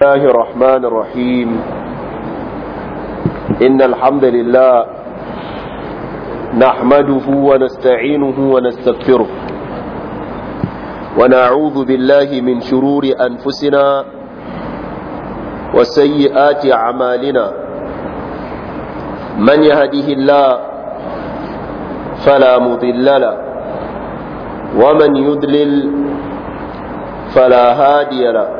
الله الرحمن الرحيم إن الحمد لله نحمده ونستعينه ونستغفره ونعوذ بالله من شرور أنفسنا وسيئات أعمالنا من يهده الله فلا مضل له ومن يدلل فلا هادي له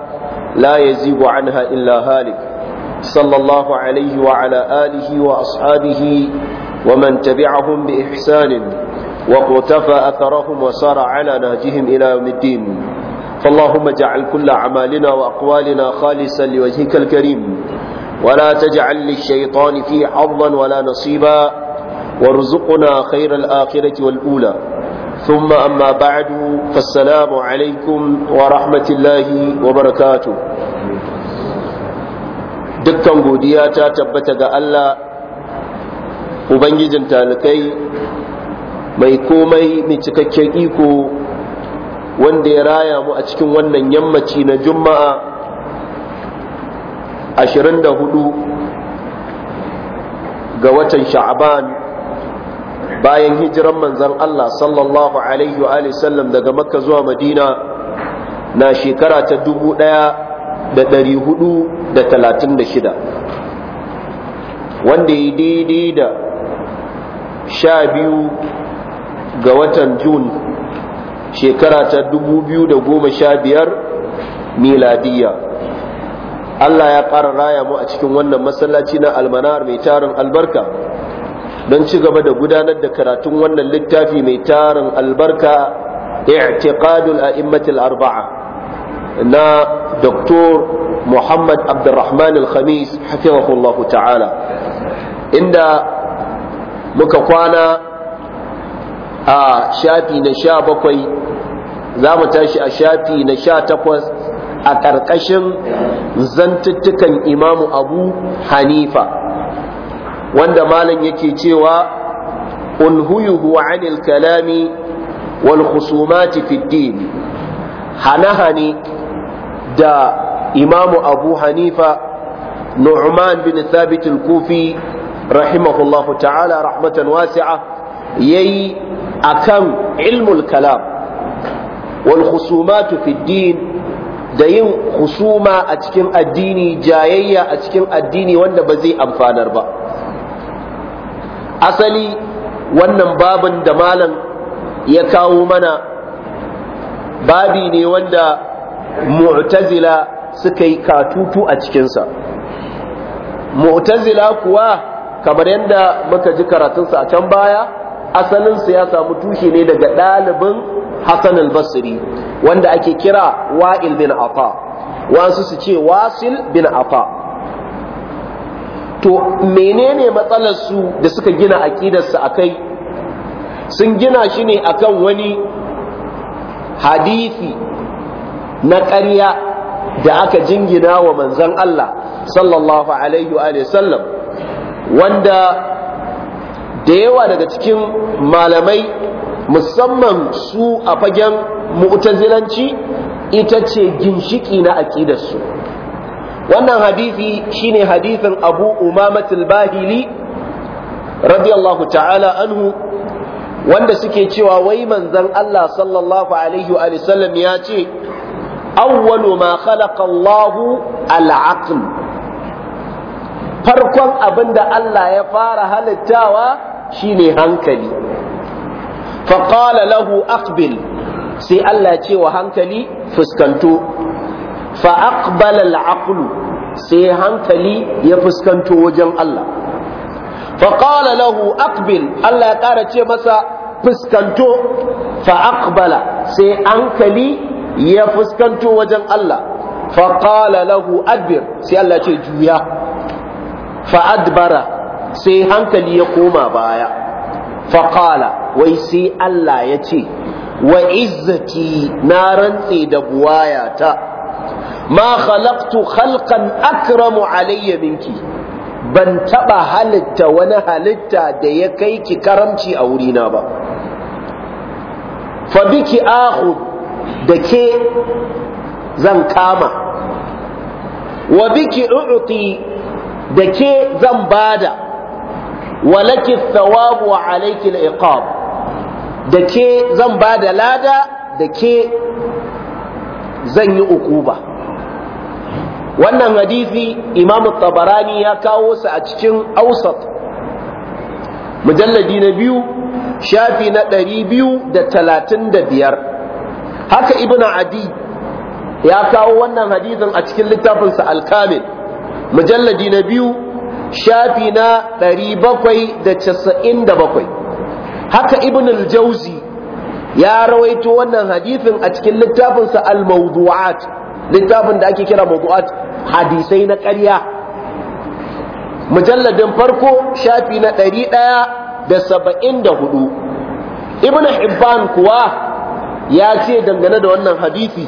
لا يزيغ عنها إلا هالك صلى الله عليه وعلى آله وأصحابه ومن تبعهم بإحسان واقتفى أثرهم وسار على نهجهم إلى يوم الدين فاللهم اجعل كل أعمالنا وأقوالنا خالصا لوجهك الكريم ولا تجعل للشيطان فيه حظا ولا نصيبا وارزقنا خير الآخرة والأولى ثم أما بعد فالسلام عليكم ورحمة الله وبركاته دكا قودياتا تبتغى ألا وبنجي تالكي ميكومي متككي إيكو wanda ya رايا مؤتكم a يمتين wannan yammaci na juma'a شعبان ga bayan hijiran manzan Allah sallallahu alaihi wa sallam daga makka zuwa madina na shekara ta dubu ɗaya hudu da talatin da shida wanda ya daidai da sha ga watan jun shekara ta dubu biyu da goma sha biyar miladiyya Allah ya ƙara raya mu a cikin wannan masallaci na almanar mai tarin albarka don ci gaba da gudanar da karatun wannan littafi mai tarin albarka i'tiqadul a'immatil arba'a na Dr. Muhammad Abdulrahman Al-Khamis hafizahullah ta'ala inda muka kwana a shafi na sha bakwai za mu tashi a shafi na sha takwas a ƙarƙashin zantuttukan imamu abu hanifa wanda malam yake cewa unhuyuhu anil kalami wal khusumati fi din hanahani da imamu abu hanifa nu'man bin thabit al-kufi rahimahullah ta'ala rahmatan wasi'a yayi akan ilmul kalam wal khusumatu fi din da yin husuma a cikin addini jayayya a cikin addini wanda ba zai amfanar ba asali wannan babin da malam ya kawo mana babi ne wanda mu'tazila suka yi katutu a cikinsa mu'tazila kuwa kamar yadda muka ji karatunsa a can baya asalinsa ya samu tushe ne daga ɗalibin hassan al-basri wanda ake kira wa'il bin afa wasu su ce wasil bin afa to menene matsalar su da suka gina a akai sun gina shi ne akan wani hadisi na ƙarya da aka jingina wa manzon Allah sallallahu alaihi wa sallam wanda da yawa daga cikin malamai musamman su a fagen mu'tazilanci ita ce ginshiki na aƙidarsu wannan hadisi shine hadisin abu umamatul bahili radiyallahu ta'ala anhu wanda suke cewa wai manzon Allah sallallahu alaihi wa sallam ya ce awwalu ma khalaqa Allah al-aql farkon abinda Allah ya fara halittawa shine hankali fa qala lahu aqbil sai Allah ya ce wa hankali fuskanto fa aqbala al sai hankali ya fuskanto wajen Allah fa qala lahu aqbil Allah ya ƙara ce masa fuskanto fa aqbala sai hankali ya fuskanto wajen Allah fa qala lahu adbir sai Allah ce juya fa adbara sai hankali ya koma baya fa qala wai sai Allah ya ce na rantse da buwayata ma khalaqtu khalqan akramu alayya ban taɓa halitta wani halitta da ya kai ki karamci a wurina ba fa biki ahu da ke zan kama wa biki u'ti da ke zan bada walaki thawabu wa alayki iqab da ke zan bada lada da ke zan yi ukuba wannan hadisi imamu tabarani ya kawo sa a cikin ausat mujalladi na biyu shafi na ɗari biyu da talatin da biyar haka ibn adi ya kawo wannan hadisin a cikin littafinsa alkamil mujalladi na biyu shafi na ɗari bakwai da casa'in da bakwai haka ibn al-jauzi ya rawaito wannan hadisin a cikin littafinsa al-mawdu'at littafin da ake kira mawdu'at hadisai na ƙarya mujalladin farko shafi na ɗari ɗaya da saba'in da hudu ibn hibban kuwa ya ce dangane da wannan hadisi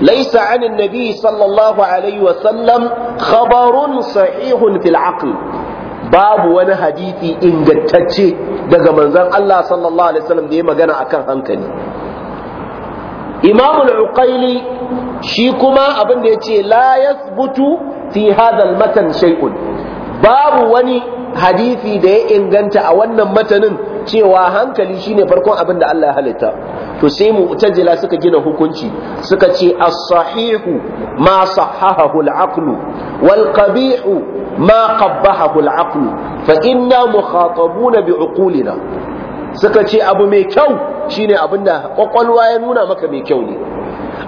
laisa anin nabi sallallahu alaihi wasallam khabarun sahihun fil aql babu wani hadisi ingantacce daga manzon Allah sallallahu alaihi wasallam da ya magana akan hankali imamul uqaili shi kuma abin da yace la yasbutu fi hadha matan shay'un babu wani hadisi da ya inganta a wannan matanin cewa hankali shine farkon abin da Allah ya halitta to sai mu'tazila suka gina hukunci suka ce as-sahihu ma sahahahu al-aql wal qabihu ma qabbahahu al-aql fa inna mukhatabuna bi uqulina suka ce abu mai kyau shine abinda kwakwalwa ya nuna maka mai kyau ne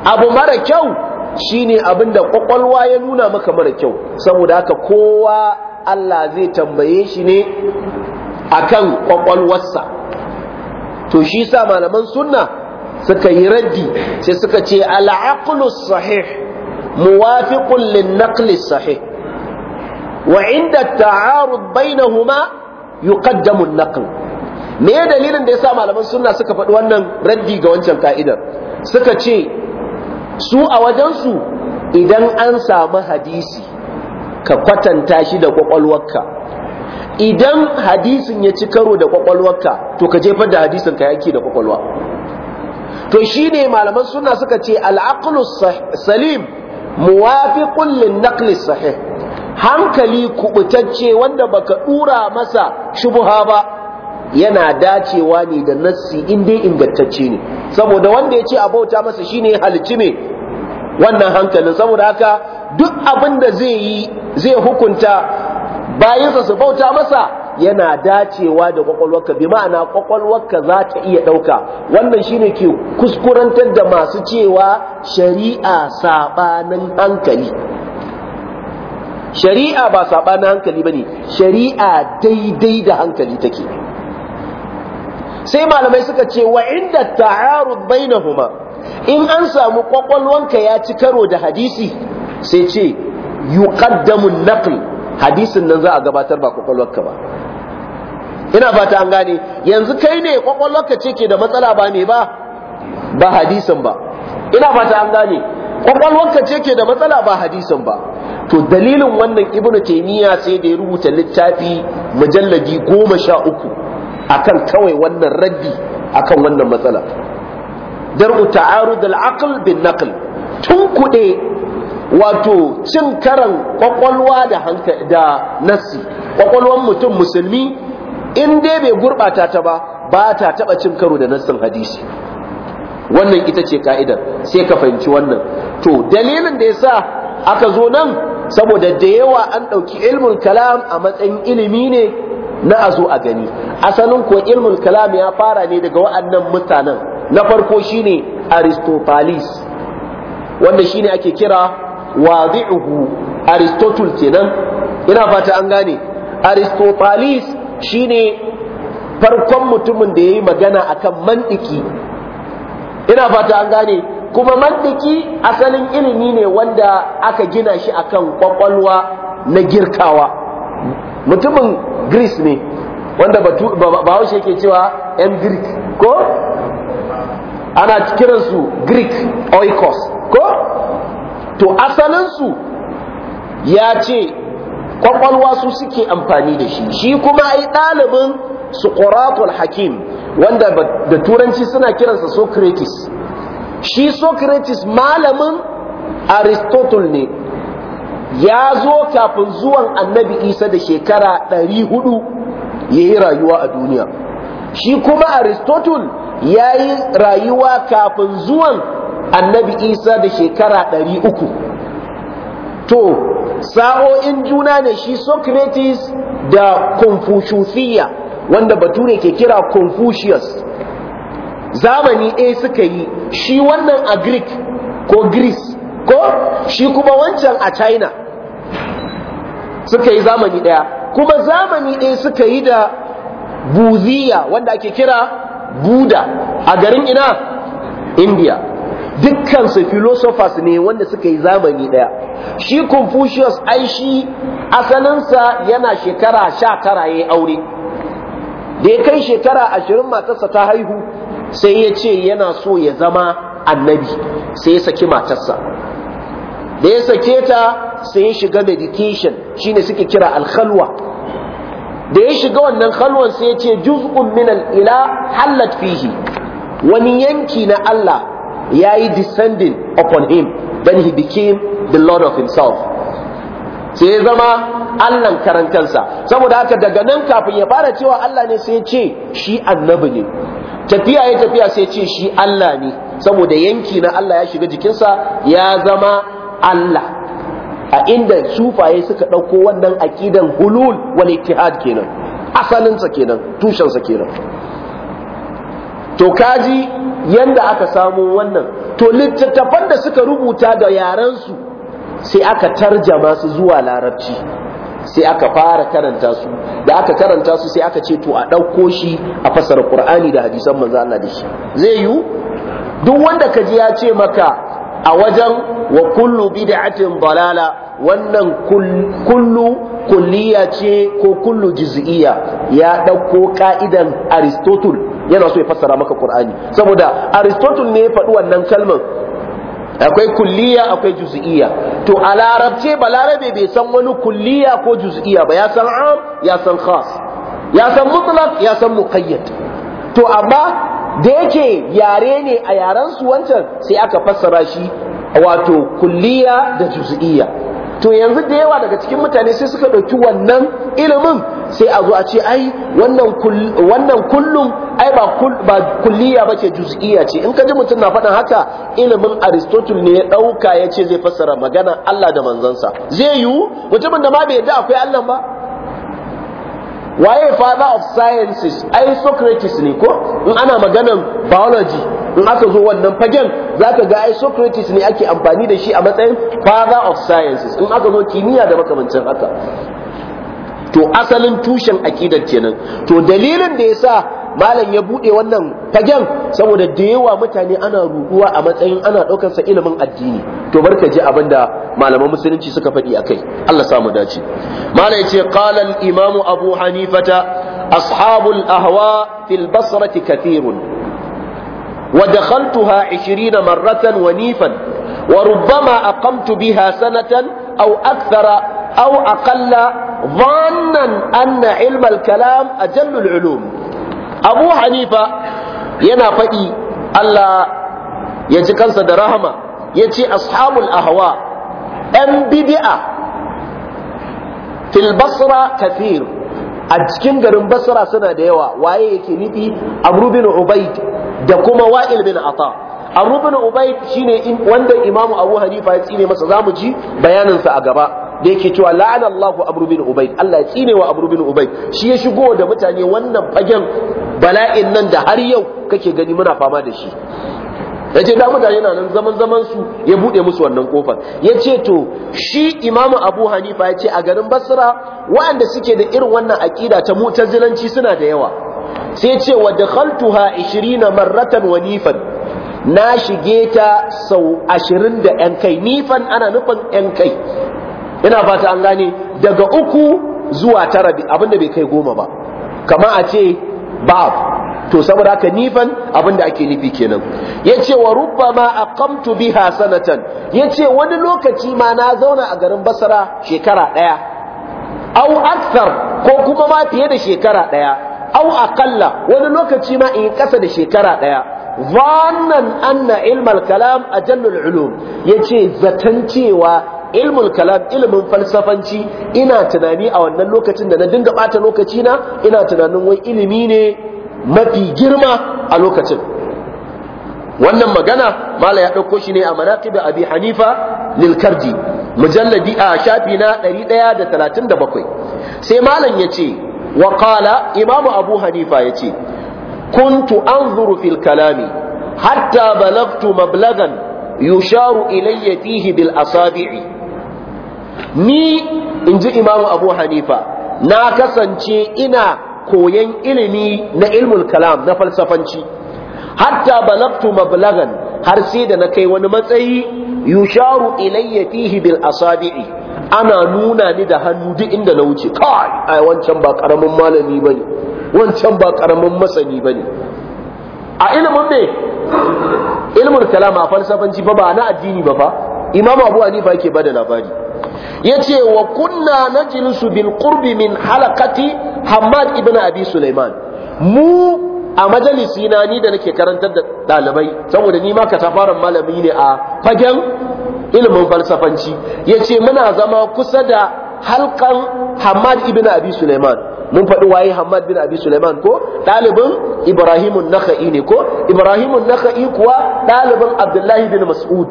abu mara kyau shine abinda kwakwalwa ya nuna maka mara kyau saboda haka kowa Allah zai tambaye shi ne akan kwakwalwarsa to shi sa malaman sunna suka yi raddi sai suka ce al-aqlu sahih muwafiqun lin-naqli sahih wa 'inda at-ta'arud huma yuqaddamu an-naql me ya dalilin da ya sa malaman sunna suka faɗi wannan raddi ga wancan ka'idar suka ce su a wajensu idan an samu hadisi ka kwatanta shi da kwakwalwarka idan hadisin ya ci karo da kwakwalwarka to ka jefar da hadisin ka yake da kwakwalwa to shi ne malaman sunna suka ce al'aqlu salim muwafiqun lin naqli sahih hankali kubutacce wanda baka dura masa shubuha ba yana dacewa ne da nassi in dai ingantacce ne saboda wanda ya ce a bauta masa shine halicci ne wannan hankalin saboda haka duk abin da zai yi zai hukunta bayansa su bauta masa yana dacewa da kwakwalwarka bi ma'ana kwakwalwarka za ta iya ɗauka wannan shine ke kuskurantar da masu cewa shari'a saɓanin hankali shari'a ba saɓanin hankali ba ne shari'a daidai da hankali take sai malamai suka ce wa inda ta'arud bainahuma in an samu kwakwalwanka ya ci karo da hadisi sai ce yuqaddamu naql hadisin nan za a gabatar ba kwakwalwarka ba ina fata an gane yanzu kai ne kwakwalwarka ce ke da matsala ba ne ba ba hadisin ba ina fata an gane kwakwalwarka ce ke da matsala ba hadisin ba to dalilin wannan ibnu taymiya sai da ya rubuta littafi mujalladi goma sha uku akan kawai wannan raddi akan wannan matsala dar'u ta'arud al-aql bin naql kuɗe wato cin karan kwakwalwa da hankali da nassi kwakwalwan mutum musulmi in dai bai gurbata ta ba ba ta taba cin karo da nasin hadisi wannan ita ce ka'idar sai ka fahimci wannan to dalilin da yasa aka zo nan saboda da yawa an ɗauki ilmul kalam a matsayin ilimi ne na a zo a gani asalin ko ilmul kalam ya fara ne daga wa'annan mutanen na farko shine aristophanes wanda shine ake kira wadi'uhu aristotle kenan ina fata an gane aristophanes shine farkon mutumin da yayi magana akan mantiki ina fata an gane kuma mantiki asalin ilimi ne wanda aka gina shi akan kwakwalwa na girkawa mutumin greece ne wanda bahaushe yake cewa 'yan greek ko ana kiransu greek oikos ko to asalinsu ya ce kwakwalwa su suke amfani da shi shi kuma ai ɗalibin suqratul hakim wanda da turanci suna kiransa socrates shi socrates malamin aristotle ne ya zo kafin zuwan annabi isa da shekara 400 ya yi rayuwa a duniya shi kuma aristotle ya yi rayuwa kafin zuwan annabi isa da shekara 300 to sa'o'in juna ne shi socrates da Confuciusia wanda bature ke kira confucius zamani ɗaya suka yi shi wannan a greek ko greece ko shi kuma wancan a china suka yi zamani ɗaya kuma zamani ɗaya suka yi da buziya wanda ake kira buda a garin ina india dukkansu filosofas ne wanda suka yi zamani ɗaya shi confucius ai shi asalinsa yana shekara sha tara ya aure da ya kai shekara ashirin matarsa ta haihu sai ya ce yana so ya zama annabi sai ya saki matarsa da ya sake ta sai ya shiga meditation ne suke kira alkhalwa da ya shiga wannan khalwan sai ya ce juz'un min al'ila hallat fihi wani yanki na Allah ya yi descending upon him then he became the lord of himself sai ya zama allah karan kansa saboda haka daga nan kafin ya fara cewa Allah ne sai ya ce shi annabi ne tafiya ya tafiya sai ya ce shi Allah ne saboda yanki na Allah ya shiga jikinsa ya zama Allah a inda sufaye suka ɗauko wannan aƙidan hulul wal ittihad kenan asalinsa kenan tushensa kenan to kaji yanda aka samu wannan to littattafan da suka rubuta da yarensu sai aka tarjama su zuwa larabci sai aka fara karanta su da aka karanta su sai aka ce to a ɗauko shi a fasar ƙur'ani da hadisan manzo Allah da shi zai yiwu duk wanda kaji ya ce maka a wajen wa kullu bid'atin dalala wannan kullu kulliya ce ko kullu juz'iyya ya dauko ka'idan aristotle yana so ya fassara maka qur'ani saboda aristotle ne ya faɗi wannan kalmar akwai kulliya akwai juz'iyya to a larabce ba larabe bai san wani kulliya ko juz'iyya ba ya san am ya san khas ya san mutlaq ya san muqayyad to amma da yake yare ne a yaren su wancan sai aka fassara shi wato kulliya da juz'iyya to yanzu da yawa daga cikin mutane sai suka ɗauki wannan ilimin sai a zo a ce ai wannan kullum ai ba kulliya ba ce juz'iyya ce in ka ji mutum na faɗin haka ilimin aristotle ne ya ɗauka ya ce zai fassara magana Allah da manzansa zai yiwu mutumin da ma bai yadda akwai Allah ba waye father of sciences ai socrates ne ko in ana maganan biology in aka zo wannan fagen zaka ga ai Socrates ne ake amfani da shi a matsayin father of sciences in aka zo kimiyya da makamancin haka to asalin tushen akidar kenan to dalilin da ya sa malam ya buɗe wannan fagen saboda da yawa mutane ana ruduwa a matsayin ana daukar sa ilimin addini to barka ji da malaman musulunci suka faɗi akai Allah samu dace malam yace qala al imamu abu hanifata ashabul ahwa fil basrati kathirun ودخلتها عشرين مرة ونيفا وربما أقمت بها سنة أو أكثر أو أقل ظانا أن علم الكلام أجل العلوم أبو حنيفة ينافئي ألا يجكن صدر رحمة يجي أصحاب الأهواء أم بدئة في البصرة كثير a cikin garin basra suna da yawa waye yake nufi amru bin ubaid da kuma wa'il bin ata bin ubayd shine wanda imamu abu hanifa ya tsine masa zamu ji bayaninsa a gaba da yake cewa la'ana Allahu abu bin Ubay Allah ya tsine wa abu bin Ubay shi ya shigo da mutane wannan fagen bala'in nan da har yau kake gani muna fama da shi yace da mutane yana nan zaman zaman su ya bude musu wannan kofar Ya ce to shi Imam Abu Hanifa ya ce a garin Basra wa'anda suke da irin wannan akida ta mutazilanci suna da yawa sai ce wa dakhaltuha 20 marratan wa nifan na shige ta sau 20 da yan kai nifan ana nufin yan kai ina fata an gane daga uku zuwa tara abinda bai kai goma ba kama a ce bab to saboda haka nifan abinda ake nufi kenan yace wa rubbama aqamtu biha sanatan yace wani lokaci ma na zauna a garin Basara shekara daya au akthar ko kuma ma fiye da shekara daya au aqalla wani lokaci ma in kasa da shekara daya zannan anna ilmal kalam ajallul ulum yace zatan cewa ilmul kalam ilmin falsafanci ina tunani a wannan lokacin da na dinga bata lokaci na ina tunanin wai ilimi ne mafi girma a lokacin wannan magana mala ya ɗauko shi ne a manaqib abi hanifa lil kardi mujalladi a shafi na 137 sai malam yace wa qala abu hanifa yace kuntu anzuru fil kalami hatta balagtu mablagan yusharu ilayya fihi bil asabi'i ni inji Imam abu hanifa na kasance ina koyan ilimi na ilmul kalam na falsafanci hatta balagtu mablagan har sai da na kai wani matsayi yusharu ilayya fihi bil asabi'i ana nuna ni da hannu duk inda na wuce kai ai wancan ba karamin malami bane wancan ba karamin masani bane a ilimin ne ilimin kalama falsafanci ba ba na addini ba fa imam abu hanifa yake bada labari yace wa kunna najlisu bil qurbi min halaqati Hamad, ibn abi sulaiman mu a majalisina ni da nake karantar da dalibai saboda ni ma katafaren malami ne a fagen ilimin falsafanci yace muna zama kusa da halkan Hamad ibn Abi Sulaiman mun faɗi waye Hamad bin Abi Sulaiman ko ɗalibin Ibrahimun Naka'i ne ko Ibrahimun Naka'i kuwa ɗalibin Abdullahi bin Mas'ud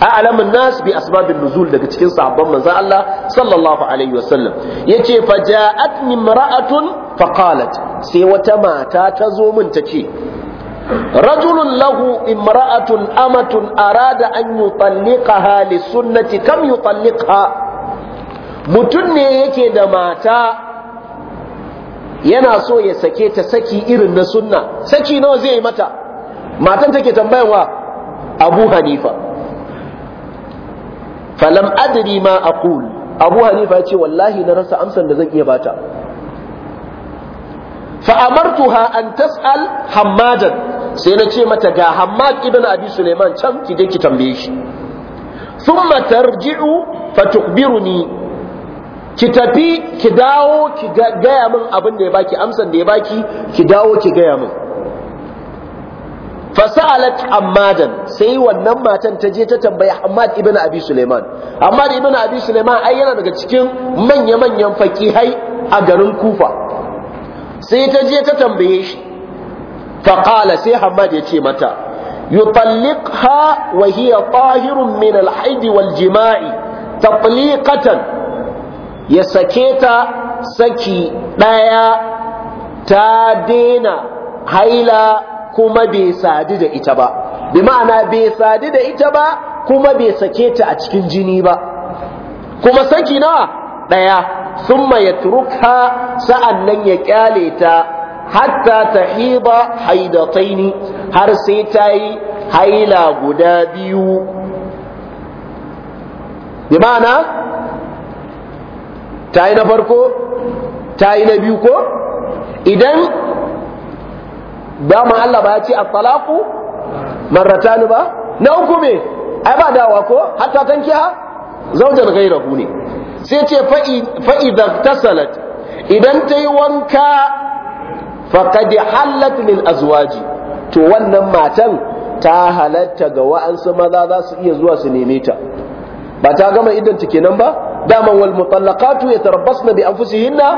a'lamun nas bi asbabin nuzul daga cikin sahabban manzon Allah sallallahu alaihi wasallam yace fa ja'atni imra'atun fa qalat sai wata mata ta zo min ta ce rajulun lahu imra'atun amatun arada an yutalliqaha li sunnati kam yutalliqha mutum ne yake da mata yana so ya sake ta saki irin na sunna saki nawa zai yi mata matan take tambayanwa abu hanifa falam adri ma aqul abu hanifa ya ce wallahi na rasa amsan da zan iya bata fa amartuha an tas'al hammadan sai na ce mata ga Hammad ibn Abi Suleiman can ki je ki tambaye shi thumma tarji'u fatukhbiruni ki tafi ki dawo ki gaya min abin da ya baki amsan da ya baki ki dawo ki gaya min fasa'alat ammadan sai wannan matan ta je ta tambayi hammad ibn Abi suleiman Ahmad ibn Abi Suleiman ai yana daga cikin manya-manyan fakihai a garin Kufa sai ta je ta tambaye shi faƙala sai hamad ya ce mata yutalliqha wa hiya tahirun min al wal jima'i tatliqatan ya sake ta saki ɗaya ta dena haila kuma bai sadu da ita ba bi ma'ana bai sadu da ita ba kuma bai sake ta a cikin jini ba kuma saki nawa Ɗaya. daya summa yatruka nan ya ƙyale ta hatta ta tahida haidataini har sai ta yi haila guda biyu bi ma'ana ta yi na farko ta yi na biyu ko idan dama Allah ba ya ce a at-talaqu ni ba na uku me ai ba dawa ko hatta tankiha zawjan ghayrahu ne sai ce fa ta tasalat idan ta yi wanka faqad halat lil azwaji to wannan matan ta halatta ga wa'ansu maza za su iya zuwa su neme ta ba ta gama idan ta kenan ba daman wal mutallaqatu yatarabbasna bi anfusihinna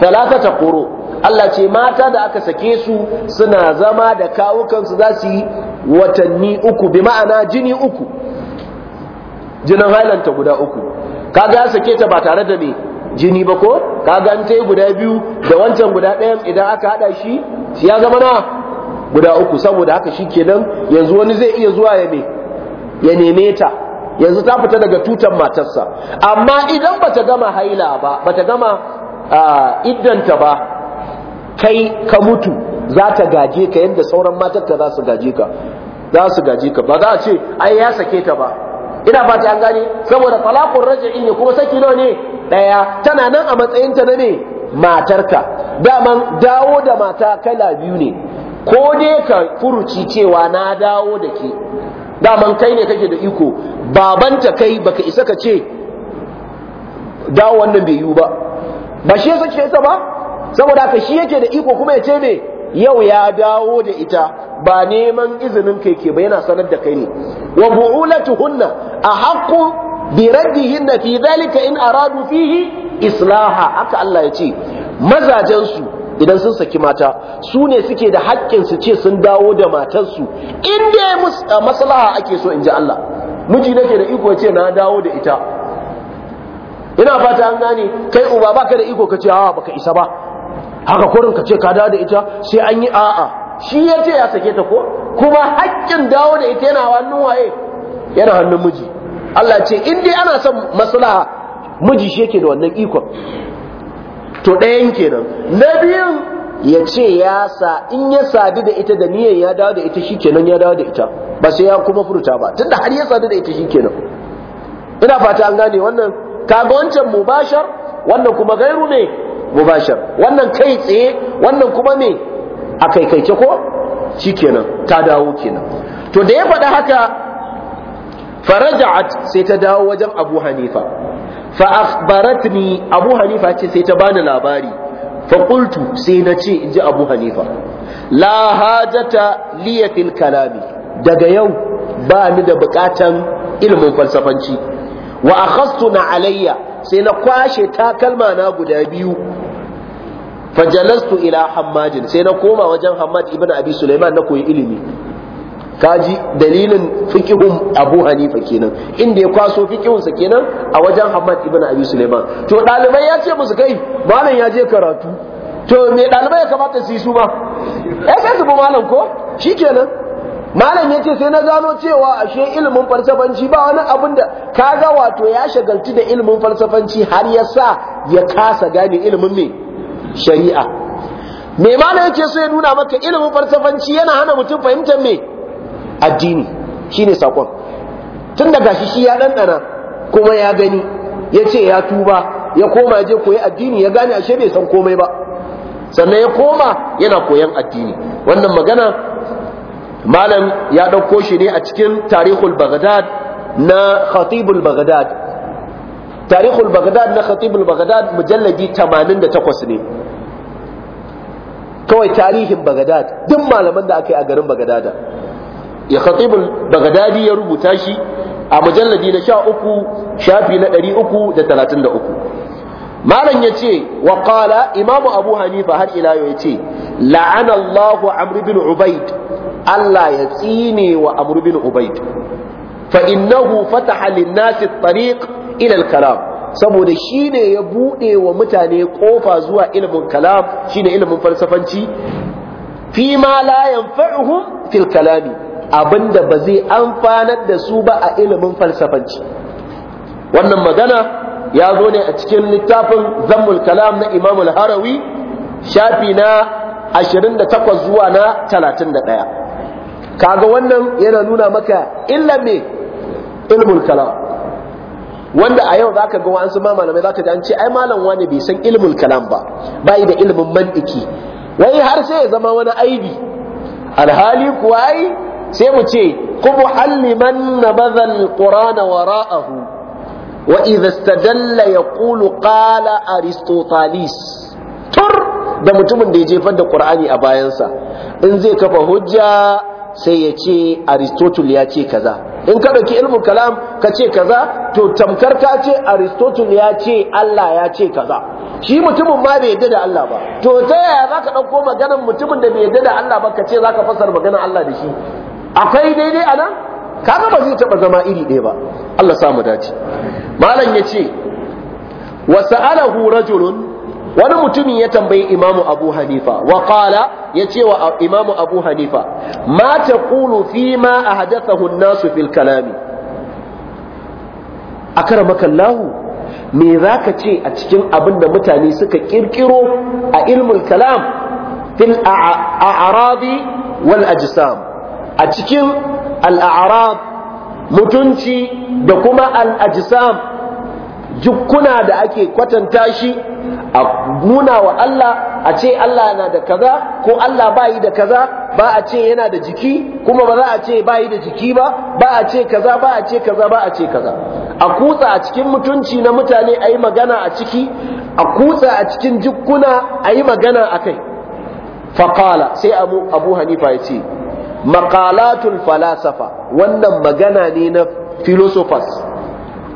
thalathata quru Allah ce mata da aka sake su suna zama da kawukansu za su yi watanni uku bi ma'ana jini uku jinin hailanta guda uku kaga ya sake ta ba tare da me jini ba ko kaga an tai guda biyu da wancan guda ɗayan idan aka haɗa shi ya zama na guda uku saboda haka shi kenan yanzu wani zai iya zuwa ya ne ya neme ta yanzu ta fita daga tutan matarsa amma idan bata gama haila ba bata gama iddanta ba kai ka mutu za ta gaje ka yadda sauran matarka za su gaje ka za su gaje ka ba za a ce ai ya sake ta ba ina fata an gane saboda talaqur raj'i ne kuma saki nawa ne ɗaya tana nan a matsayinta na ne matarka daman dawo da mata kala biyu ne ko dai ka furuci cewa na dawo da ke daman kai ne kake da iko babanta kai baka isa ka ce dawo wannan bai yiwu ba ba shi yasa ce ba saboda ka shi yake da iko kuma ya ce me yau ya dawo da ita ba neman izinin kai ke ba yana sanar da kai ne wa bu'ulatuhunna a haqqu bi na fi dhalika in aradu fihi islaha haka Allah ya ce mazajen idan sun saki mata su ne suke da haƙƙin su ce sun dawo da matarsu in dai maslaha ake so in ji Allah miji nake da iko ce na dawo da ita ina fata an gane kai uba baka da iko kace a'a baka isa ba haka kurin ce ka dawo da ita sai an yi a'a shi ya ce ya sake ta ko kuma haƙƙin dawo da ita yana hannun waye yana hannun miji Allah ce in dai ana son maslaha miji shi yake da wannan ikon to ɗayan kenan na biyun ya ce ya sa in ya sadu da ita da niyan ya dawo da ita shikenan ya dawo da ita ba sai ya kuma furta ba tunda har ya sadu da ita shikenan ina fata an gane wannan kaga wancan mubashar wannan kuma gairu ne mubashar wannan kai tsaye wannan kuma me a kaikaice ko shikenan ta dawo kenan to da ya faɗa haka faraja'at sai ta dawo wajen abu hanifa fa akhbaratni abu hanifa ce sai ta bani labari fa qultu sai na ce inji abu hanifa Lahajata hajata liya kalami daga yau ba ni da buƙatan ilimin falsafanci wa akhastu na alayya sai na kwashe takalma na guda biyu fajalastu ila hammadin sai na koma wajen hammad ibn abi sulaiman na koyi ilimi kaji dalilin fikihun Abu Hanifa kenan inda ya kwaso fiqhun kenan a wajen Hamad ibn Abi suleiman to dalibai ya ce musu kai malam ya je karatu to me dalibai ya kamata su yi su ba eh sai su bi malam ko shi kenan. malam ya ce sai na gano cewa ashe ilimin falsafanci ba wani abin da ka kaga wato ya shagaltu da ilimin falsafanci har ya sa ya kasa gane ilimin me shari'a me malam ya so ya nuna maka ilimin falsafanci yana hana mutum fahimtar me addini shine sakon tun daga gashi shi ya ɗanɗana kuma ya gani ya ce ya tuba ya koma je koyi addini ya gane ashe bai san komai ba sannan ya koma yana koyan addini wannan magana malam ya ɗauko shi ne a cikin tarihul baghdad na khatibul baghdad tarihul baghdad na khatibul baghdad mujalladi 88 ne kawai tarihin baghdad duk malaman da aka yi a garin baghdad ya khatibul bagdadi ya rubuta shi a mujalladi na uku shafi na ɗari uku da da uku malam yace wa qala imam abu hanifa har ila yau ya ce la'anallahu amru bin ubaid allah ya tsine wa amr bin ubaid fa innahu fataha lin nas at-tariq ila al-kalam saboda shi ne ya buɗe wa mutane ƙofa zuwa ilimin kalam shine ilimin falsafanci fi ma la yanfa'uhum fil kalami abin da ba zai amfanar da su ba a ilimin falsafanci wannan magana ya zo ne a cikin littafin zammul kalam na imam al-harawi shafi na 28 zuwa na 31 kaga wannan yana nuna maka illa me ilmul kalam wanda a yau zaka ga wa'ansu ma malamai zaka ji an ce ai malam wani bai san ilmul kalam ba bai da ilmin mantiki wai har sai ya zama wani aibi alhali kuwa sai mu ce qubhal liman nabadha alqur'ana wara'ahu wa idha istadalla yaqulu ƙala aristotelis tur da mutumin da ya jefar da qur'ani a bayansa in zai kafa hujja sai ya ce aristotle ya ce kaza in ka ɗauki ilmin kalam ka ce kaza to tamkar ka ce aristotle ya ce allah ya ce kaza shi mutumin ma bai yadda da allah ba to ta yaya za ka ɗauko maganar mutumin da bai yadda da allah ba ka ce za ka fasar maganar allah da shi akwai daidai a nan kaga ba zai taɓa zama iri ɗaya ba Allah sa mu dace malam ya ce wa sa'alahu rajulun wani mutumin ya tambayi imamu abu hanifa wa qala ya ce wa imamu abu hanifa ma taqulu fi ma ahdathahu an-nasu fil kalami akramaka Allah me zaka ce a cikin abin da mutane suka kirkiro a ilmul kalam fil a'radi wal ajsam a cikin al'arab mutunci da kuma al'ajisam jikuna da ake kwatanta shi a nuna wa Allah a ce Allah na da kaza ko Allah ba yi da kaza ba a ce yana da jiki kuma ba za a ce ba yi da jiki ba ba a ce kaza ba a ce kaza ba a ce kaza a kutsa a cikin mutunci na mutane a yi magana a ciki a kutsa a cikin jikuna a yi magana a kai faƙala sai abu hanifa ya ce maqalatul falasafa wannan magana ne na philosophers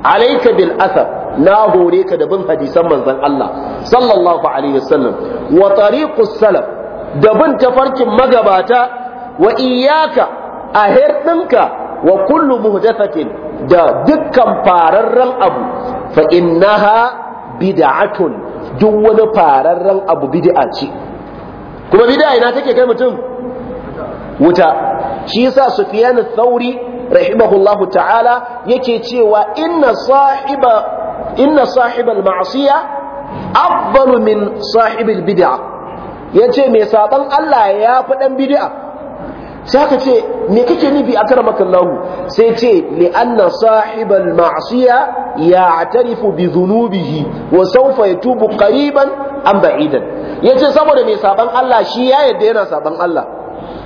alayka bil athar na hore ka da bin hadisan manzon Allah sallallahu alaihi wasallam wa tariqus salaf da bin tafarkin magabata wa iyyaka a hirɗinka wa kullu muhdathatin da dukkan fararren abu fa innaha bid'atun duk wani fararren abu bid'a ce kuma bid'a ina take kai mutum wuta shi yasa Sufyan al-Thauri rahimahullahu ta'ala yake cewa inna sahiba inna sahibal ma'siya afdalu min sahibil bid'a yace mai saban Allah ya fi dan bid'a sai aka ce me kake nufi a sai ce li anna sahibal ma'siya ya'tarifu bi dhunubihi wa sawfa yatubu qariban am ba'idan yace saboda mai saban Allah shi ya yadda yana saban Allah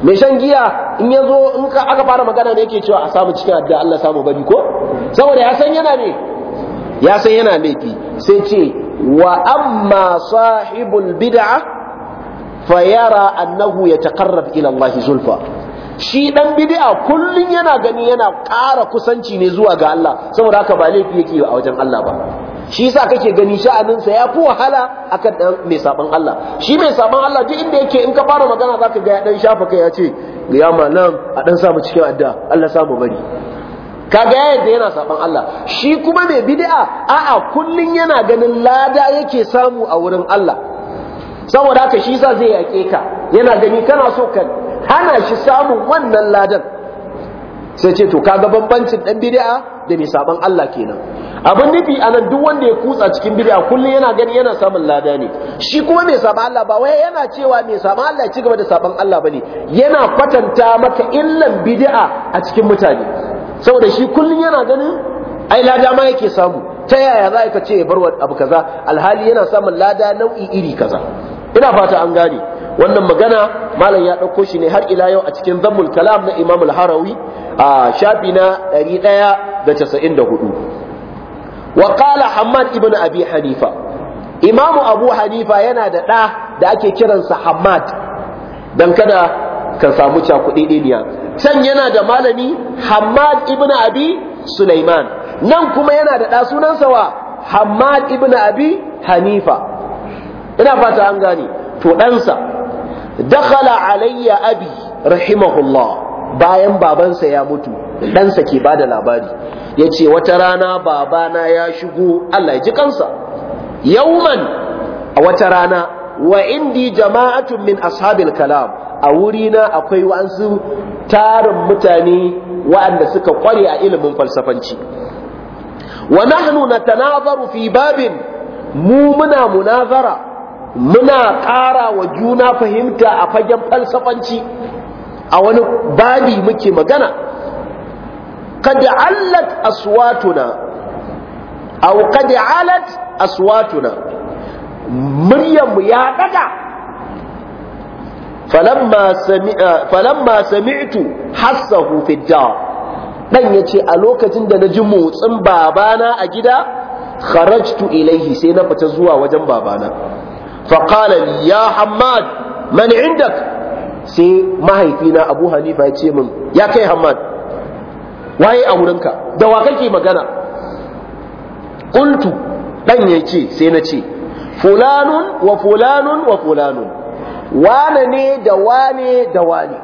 mai shan giya in ya zo in aka fara magana da yake cewa a samu cikin addu'a Allah samu bari ko saboda ya san yana ne ya san yana laifi sai ce wa amma sahibul bid'a fa yara annahu yataqarrab ila Allah zulfa shi dan bid'a kullun yana gani yana ƙara kusanci ne zuwa ga Allah saboda haka ba laifi yake a wajen Allah ba shi yasa kake gani sha'aninsa sa yafi wahala akan dan mai saban Allah shi mai saban Allah duk inda yake in ka fara magana zaka ga ya dan shafa kai ya ce ya malam a dan samu cikin adda Allah samu bari ka yayin da yana saban Allah shi kuma mai bid'a a'a kullum yana ganin lada yake samu a wurin Allah saboda haka shi zai yake ka yana gani kana so ka hana shi samun wannan ladan sai ce to kaga bambancin dan bid'a da mai saban Allah kenan abin nufi anan duk wanda ya kutsa cikin bid'a kullum yana gani yana samun lada ne shi kuma mai saban Allah ba wai yana cewa mai saban Allah cigaba ci gaba da saban Allah bane yana kwatanta maka illan bid'a a cikin mutane saboda shi kullum yana ganin ai lada ma yake samu ta yaya za ka ce ya bar abu kaza alhali yana samun lada nau'i iri kaza ina fata an gane wannan magana malam ya ɗauko shi ne har ila yau a cikin zammul kalam na imamul harawi a shafi na 194 wa Wakala Hammad ibn Abi Hanifa Imamu Abu Hanifa yana da ɗa da ake kiransa Hammad don kada kan samu cakuɗeɗeniya can yana da malami Hammad ibn Abi Sulaiman nan kuma yana da ɗa sunansa wa Hammad ibn Abi Hanifa ina fata an gane to ɗansa dakhala alayya abi rahimahullah bayan babansa ya mutu ɗansa ke ba da labari yace ce wata rana babana ya shigo Allah ya ji kansa yawman a wata rana wa indi jama'atun min ashabil kalam a wurina akwai wa'ansu tarin mutane waɗanda suka kware a ilimin falsafanci wa nahnu natanazaru fi babin mu muna munazara muna ƙara wa juna fahimta a fagen falsafanci a wani babi muke magana kad allat aswatuna aw kad alat aswatuna muryanmu ya daga falamma sami'a eh, falamma sami'tu hassahu fi dar dan yace a lokacin da na naji motsin babana a gida kharajtu ilaihi sai na fita zuwa wajen babana fa qala ya hammad man indak sai mahaifina abu hanifa ya ce min ya kai hammad waye a wurinka da wa kake magana kuntu dan ya ce sai na ce fulanun wa fulanun wa fulanun wane ne da wane da wane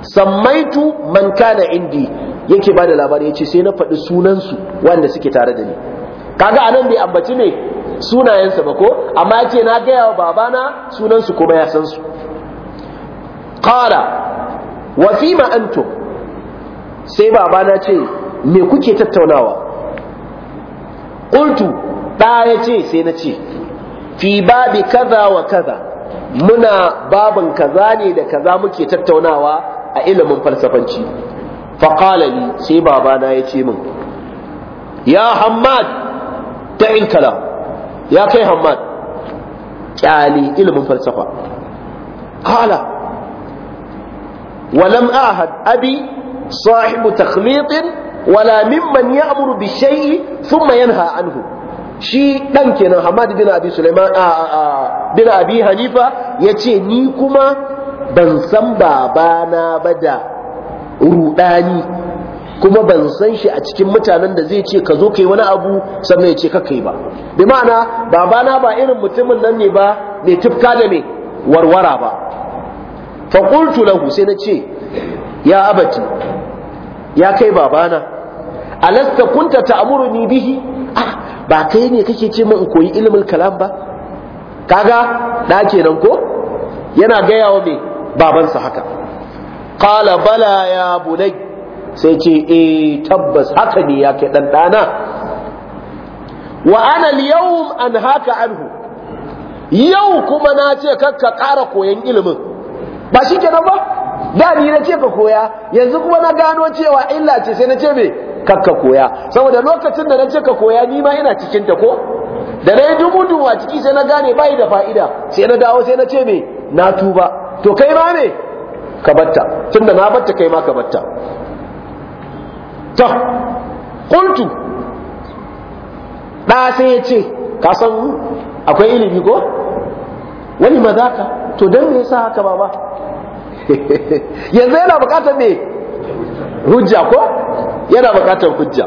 sammaitu man kana indi yake bada labari ce sai na faɗi sunansu wanda suke tare da ni kaga anan bai ambaci ne sunayensa ba ko amma yace na gaya wa babana sunansu kuma ya san su qala wa fima antum sai babana ce me kuke tattaunawa qultu ɗa ya ce sai na ce fi babi kaza wa kaza muna babin kaza ne da kaza muke tattaunawa a ilimin falsafanci faƙala li sai babana ya ce min ya hammad ta in ya kai hammad ƙyale ilimin falsafa ولم أعهد أبي صاحب تخليط ولا ممن يأمر بالشيء ثم ينهى عنه shi ɗan kenan Hamad bin Abi Sulaiman a bin Abi Hanifa ce ni kuma ban san babana ba da rudani kuma ban san shi a cikin mutanen da zai ce ka zo kai wani abu sannan ya ce ka kai ba bi ma'ana babana ba irin mutumin nan ne ba mai tufka da mai warwara ba fa qultu lahu sai na ce ya abati ya kai babana alasta kunta ni bihi ah, ba kai ne kake ce min in koyi ilmul kalam ba kaga da kenan ko yana gaya wa mai babansa haka qala bala ya bunay sai ce eh tabbas haka ne ya kai dan dana wa ana al-yawm anhaka anhu yau kuma na ce kakka ƙara koyan ilimin ba shi kenan ba da ni na ce ka koya yanzu kuma na gano cewa illa ce sai na ce me kakka koya saboda lokacin da na ce ka koya ni ma ina cikin ta ko da na yi dubu a ciki sai na gane bai da fa'ida sai na dawo sai na ce me na tuba to kai ma me ka batta tunda na batta kai ma ka batta to qultu da sai ya ce ka san akwai ilimi ko wani mazaka to dan me yasa haka baba yanzu yana bukatar me hujja ko yana bukatar hujja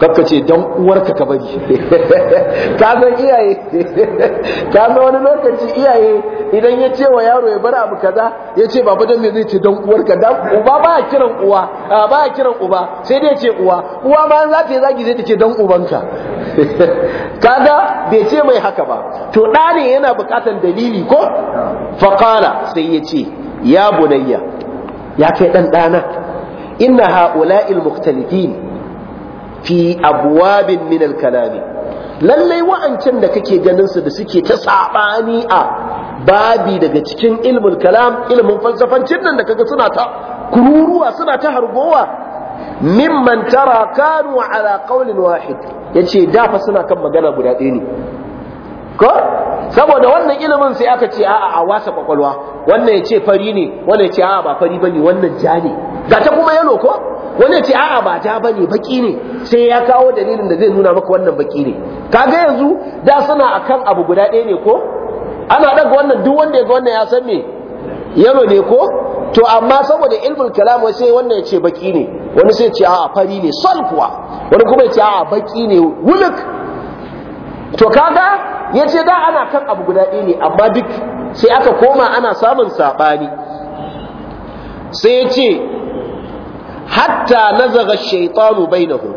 kakka ce dan uwarka ka bari ka san iyaye ka san wani lokaci iyaye idan ya ce wa yaro ya bar abu kaza ya ce ba dan me zai ce dan uwarka dan uba ba ya kiran uwa ba ya kiran uba sai dai ce uwa uwa ma za ta yi zagi zai ta ce dan ubanka kaga bai ce mai haka ba to ɗa ne yana buƙatar dalili ko faqala sai ya ce ya bunayya ya kai dan dana inna ha'ula'il mukhtalifin fi abwabin min al lallai wa'ancan da kake ganin su da suke ta saɓani a babi daga cikin ilmin kalam ilmin falsafancin nan da kaga suna ta kururuwa suna ta hargowa mimman tara kanu ala qaulin wahid yace da fa suna kan magana guda ɗaya ne ko saboda wannan ilimin sai aka ce a'a a wasa kwakwalwa wannan ya ce fari ne wannan ya ce a'a ba fari bane wannan ja ne ga ta kuma yalo ko wannan ya ce a'a ba ja bane baki ne sai ya kawo dalilin da zai nuna maka wannan baki ne kaga yanzu da suna akan abu guda ɗaya ne ko ana daga wannan duk wanda yaga ga wannan ya san me yalo ne ko to amma saboda ilmul kalam wai sai wannan ya ce baki ne wani sai ya ce a'a fari ne sol wani kuma ya ce a'a baki ne wuluk to kaga ya ce da ana kan abu guda ɗaya ne amma duk sai aka koma ana samun saɓani sai ya ce hatta zaga shaitanu bainahu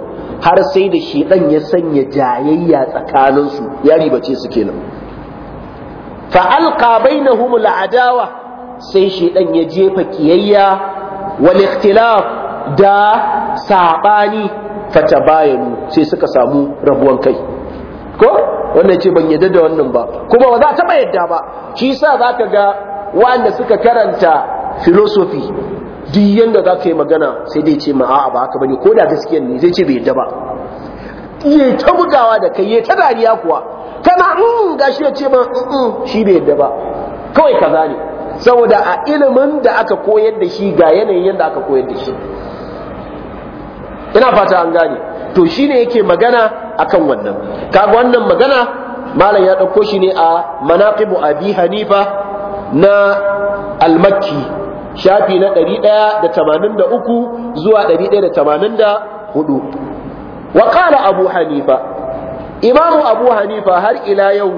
har sai da shaitan ya sanya jayayya tsakaninsu ya ribace su kenan fa alqa bainahum adawa sai shaitan ya jefa kiyayya wani ikhtilaf da saɓani fata bayanu sai suka samu rabuwan kai ko wannan ce ban yadda da wannan ba kuma ba za ta ba yadda ba shi yasa zaka ga wanda suka karanta philosophy duk yanda za ka yi magana sai dai ce ma a'a ba haka bane ko da ne zai ce bai yadda ba iya ta bugawa da kai ya ta dariya kuwa kana mm gashi ya ce ma mm shi bai yadda ba kawai kaza ne saboda a ilimin da aka koyar da shi ga yanayin yanda aka koyar da shi ina fata an gane to shine yake magana akan wannan kaga wannan magana malam ya ɗauko shi ne a manaqib abi hanifa na al-makki shafi na 183 zuwa 184 wa qala abu hanifa imamu abu hanifa har ila yau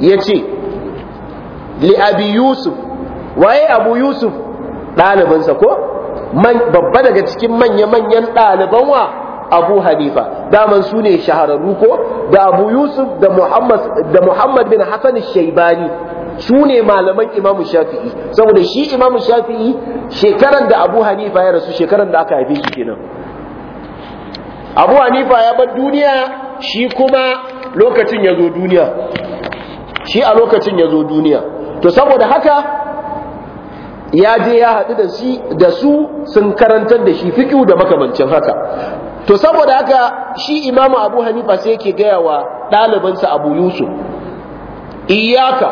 yace li abi yusuf waye abu yusuf ɗalibansa ko babba daga cikin manya-manyan ɗaliban wa abu hanifa daman su ne shahararru ko da abu yusuf da muhammad da muhammad bin Hassan shaibani su ne malaman Imam shafi'i saboda shi Imam shafi'i shekaran da abu hanifa ya rasu shekaran da aka haife shi kenan abu hanifa ya bar duniya shi kuma lokacin ya zo duniya shi a lokacin ya zo duniya to saboda haka ya je ya haɗu da su sun karantar da shi fiƙiu da makamancin haka to saboda haka shi imamu abu hanifa sai yake gaya wa ɗalibansa abu yusuf iyaka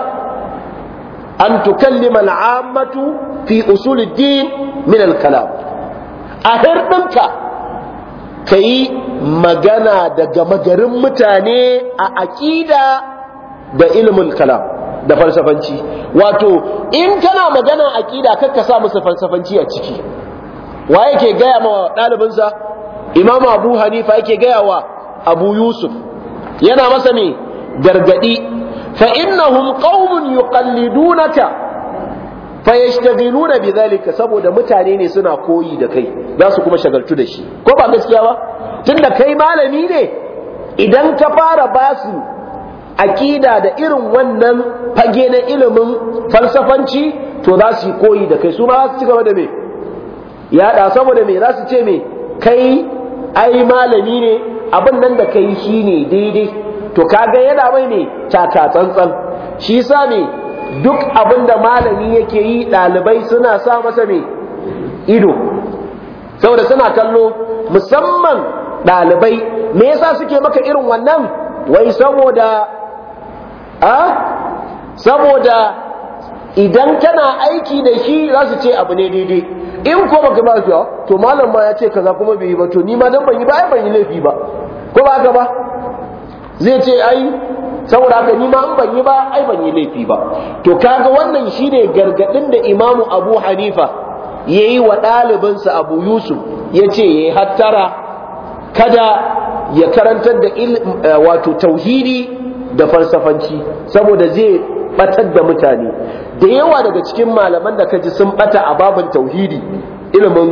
an tukallima al'ammatu fi usuluddin min al-kalam a hirɗinka ka yi magana daga magarin mutane a aƙida da ilimin kalam da falsafanci wato in kana magana aƙida kakka sa musu falsafanci a ciki waye ke gaya ma ɗalibinsa imamu abu hanifa yake gaya wa abu yusuf yana masa ne gargadi fa innahum qaumun yuqallidunaka fa yashtaghiluna bidhalika saboda mutane ne suna koyi da kai za su kuma shagaltu da shi ko ba gaskiya ba tunda kai malami ne idan ka fara basu aƙida da irin wannan fage na ilimin falsafanci to za su yi koyi da kai su ma za su ci gaba da me yaɗa saboda me za su ce me kai ai malami ne abin nan da kai ne daidai to kaga yana mai ne caca tsantsan shi sa ne duk abin da malami yake yi ɗalibai suna sa masa mai ido saboda suna kallo musamman ɗalibai me yasa suke maka irin wannan wai saboda a ah? saboda idan kana aiki da shi za su ce abu ne daidai in ko baka ba fiya to malam ma ya ce kaza kuma bai yi ba to ni ma dan ban yi ba ai ban yi laifi ba ko ba haka ba zai ce ai saboda haka ni ma in ban yi ba ai ban yi laifi ba to kaga wannan shine gargadin da imamu abu hanifa yayi wa ɗalibinsa abu yusuf ya ce yayi hattara kada ya karantar da wato tauhidi da falsafanci saboda zai batar da mutane da yawa daga cikin malaman da kaji sun bata a babin tauhidi ilimin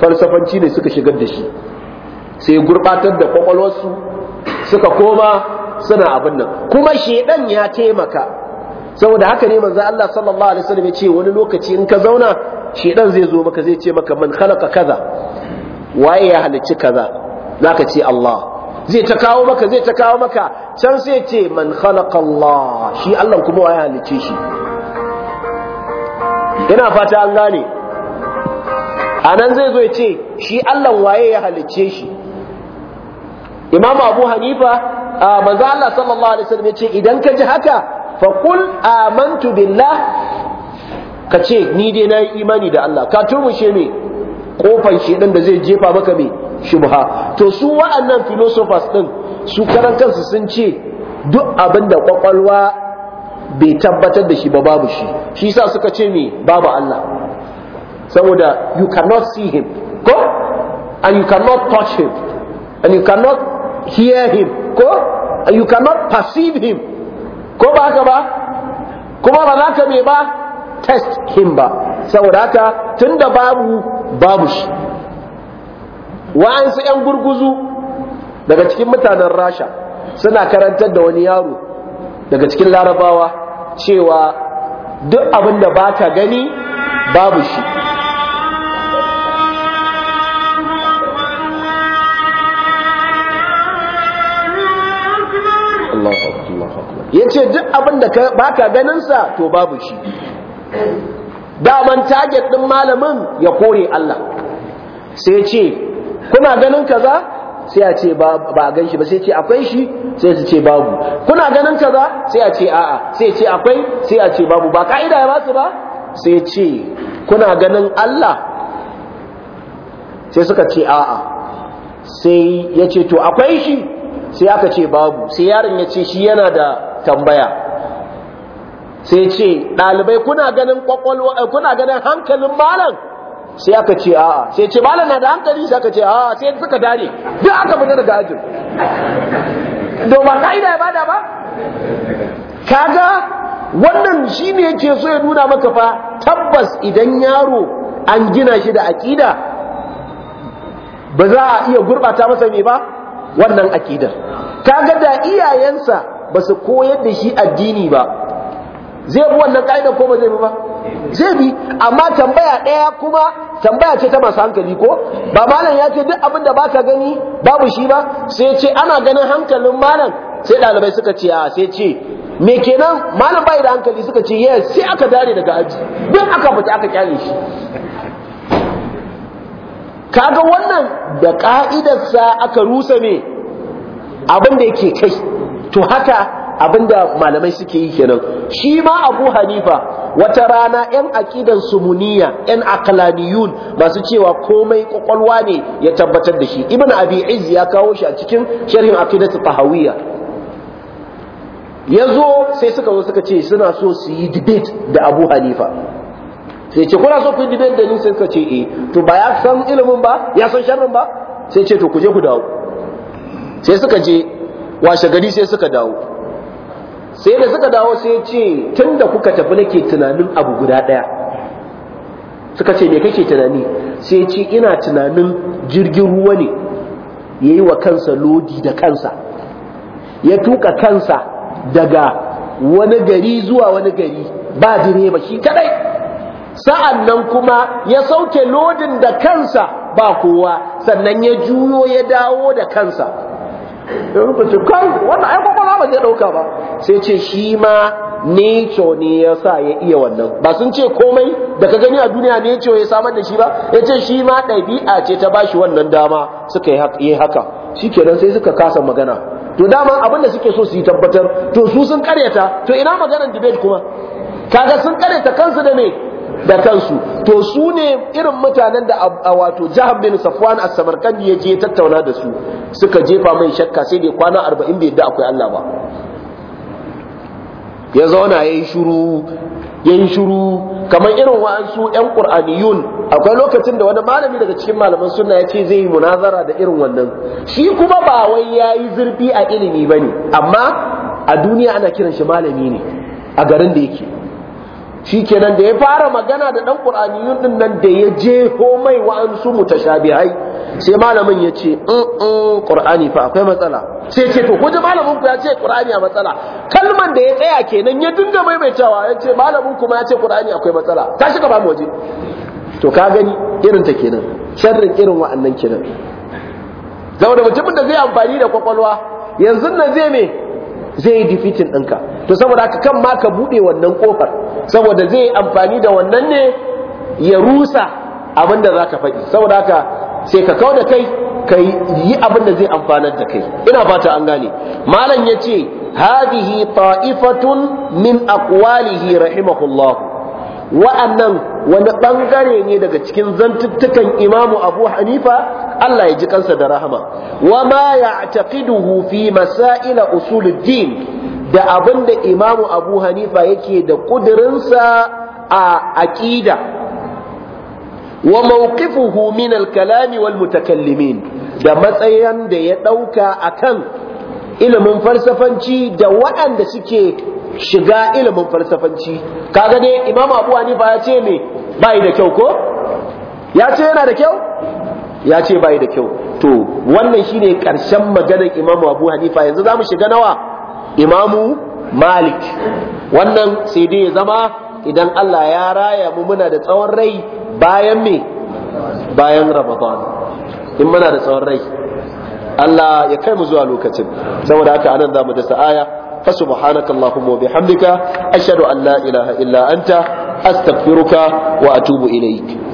falsafanci ne suka shigar da shi sai gurbatar da kwakwalwarsu suka koma suna abin nan kuma shedan ya taimaka saboda haka ne manzo Allah sallallahu alaihi wasallam ya ce wani lokaci in ka zauna shedan zai zo maka zai ce maka man khalaqa kaza waye ya halicci kaza zaka ce Allah zai ta kawo maka zai ta kawo maka can sai ce man khalaqa Allah shi Allah kuma waye halice shi ina fata an gane anan zai zo ya ce shi Allah waye ya halice shi Imam Abu Hanifa manzo Allah sallallahu alaihi wasallam ya ce idan ka ji haka fa qul amantu billah kace ni dai na yi imani da Allah ka turmushe me kofan shedan da zai jefa maka me shubha to su wa'annan philosophers din su karan kansu sun ce duk abinda kwakwalwa bai tabbatar da shi ba babu shi shi sa suka ce me babu Allah saboda you cannot see him ko and you cannot touch him and you cannot hear him ko and you cannot perceive him ko ba haka ba kuma ba za ka me ba test him ba saboda haka tunda babu babu shi wa'ansu 'yan gurguzu daga cikin mutanen rasha suna karantar da wani yaro daga cikin larabawa cewa duk abin da baka gani babu shi ya ce duk abin da baka ganinsa to babu shi daman taget ɗin malamin ya kore Allah sai ce kuna ganin kaza sai a ce ba a gan shi ba sai ce akwai shi sai su ce babu kuna ganin kaza sai a ce a'a sai ce akwai sai a ce babu ba ka'ida ya basu ba sai ce kuna ganin Allah sai suka ce a'a sai ya ce to akwai shi sai aka ce babu sai yaron ya ce shi yana da tambaya sai ce ɗalibai kuna ganin kwakwalwa eh, kuna ganin hankalin malam sai aka ce a'a sai ce malam na da hankali sai aka ce a, sai suka dare duk aka fita daga ajin to ba ka'ida ya bada ba kaga wannan shi shine yake so ya nuna maka fa tabbas idan yaro an gina shi da aƙida ba za a iya gurbata masa ne ba wannan aƙidar kaga da iyayensa ba su koyar da shi addini ba zai bi wannan ka'idar ko ba zai bi ba zai bi amma tambaya ɗaya kuma tambaya ce ta masu hankali ko ba malam ya ce duk abin da ka gani babu shi ba sai ce ana ganin hankalin malam sai ɗalibai suka ce a ah, sai ce me kenan malam bai da hankali suka ce yes sai aka dare daga aji duk aka fita aka kyale shi kaga wannan da ka'idarsa aka rusa ne abin da yake kai to haka abinda malamai suke yi kenan shi ma abu hanifa wata rana yan aqidan sumuniya yan aqlaniyun masu cewa komai kwakwalwa ne ya tabbatar da shi ibn abi izz ya kawo shi a cikin sharhin aqidatu tahawiyya yazo sai suka zo suka ce suna so su yi debate da abu hanifa sai ce kuna so ku yi debate da ni sai suka ce eh to ba ya san ilimin ba ya san sharrin ba sai ce to ku je ku dawo sai suka je washe gari sai suka dawo sai da suka dawo sai ya ce tun da kuka tafi nake tunanin abu guda ɗaya suka ce me kake tunani sai ya ce ina tunanin jirgin ruwa ne ya yi wa kansa lodi da kansa ya tuka kansa daga wani gari zuwa wani gari ba direba shi kadai sa'an nan kuma ya sauke lodin da kansa ba kowa sannan ya juyo ya dawo da kansa ya rufe ce kai ba zai ɗauka ba sai ce shi ma nature ne ya sa ya iya wannan ba sun ce komai da ka gani a duniya neco ya samar da shi ba ya ce shi ma ɗabi'a ce ta ba shi wannan dama suka yi haka shi kenan sai suka kasa magana to dama abin da suke so su yi tabbatar to su sun karyata to ina maganar debate kuma kaga sun karyata kansu da me da kansu to su ne irin mutanen da a wato jihar bin safwan a samarkandi ya je tattauna da su suka jefa mai shakka sai dai kwana arba'in bai yadda akwai Allah ba ya zauna ya yi shuru ya yi shuru kamar irin wa'ansu 'yan ƙur'aniyun akwai lokacin da wani malami daga cikin malaman suna ya ce zai yi munazara da irin wannan shi kuma ba wai ya yi zurfi a ilimi ba ne amma a duniya ana kiran shi malami ne a garin da yake shikenan da ya fara magana da dan yun din nan da ya je ho mai wa'ansu mutashabihai sai malamin ya ce in mm, mm, qur'ani fa akwai matsala sai ce to ko ji malamin ku ya ce qur'ani a matsala kalman da ya tsaya kenan ya dinga maimaitawa ya ce malamin ku ma ya ce qur'ani akwai matsala ta shiga ba mu waje to ka gani irin ta kenan sharrin irin wa'annan kenan saboda mutumin da zai amfani da kwakwalwa yanzu nan zai me zai yi difitin ɗinka to saboda haka kan ma ka buɗe wannan ƙofar saboda zai yi amfani da wannan ne ya rusa abin da za ka faɗi saboda haka sai ka kau da kai ka yi abin da zai amfanar da kai ina fata an gane malam ya ce hadihi ta'ifatun min aqwalihi rahimahullahu wa'annan wani ɓangare ne daga cikin zantuttukan imamu abu hanifa Allah ya ji kansa da rahama wa ma ya'taqiduhu fi masaila usuluddin da abinda imamu abu hanifa yake da kudirinsa a aƙida? wa mawqifuhu min al-kalam wal mutakallimin da matsayin da ya ɗauka akan ilimin falsafanci da waɗanda suke shiga ilimin falsafanci kaga ne imam abu hanifa ya ce me bai da kyau ko ya ce yana da kyau ya ce bai da kyau to wannan shine karshen maganar imam abu hanifa yanzu zamu shiga nawa imamu malik wannan sai dai ya zama idan Allah ya raya mu muna da tsawon rai bayan me bayan ramadan in muna da tsawon rai Allah ya kai mu zuwa lokacin saboda haka anan zamu dasa aya fa subhanaka allahumma wa bihamdika ashhadu an la ilaha illa anta astaghfiruka wa atubu ilaik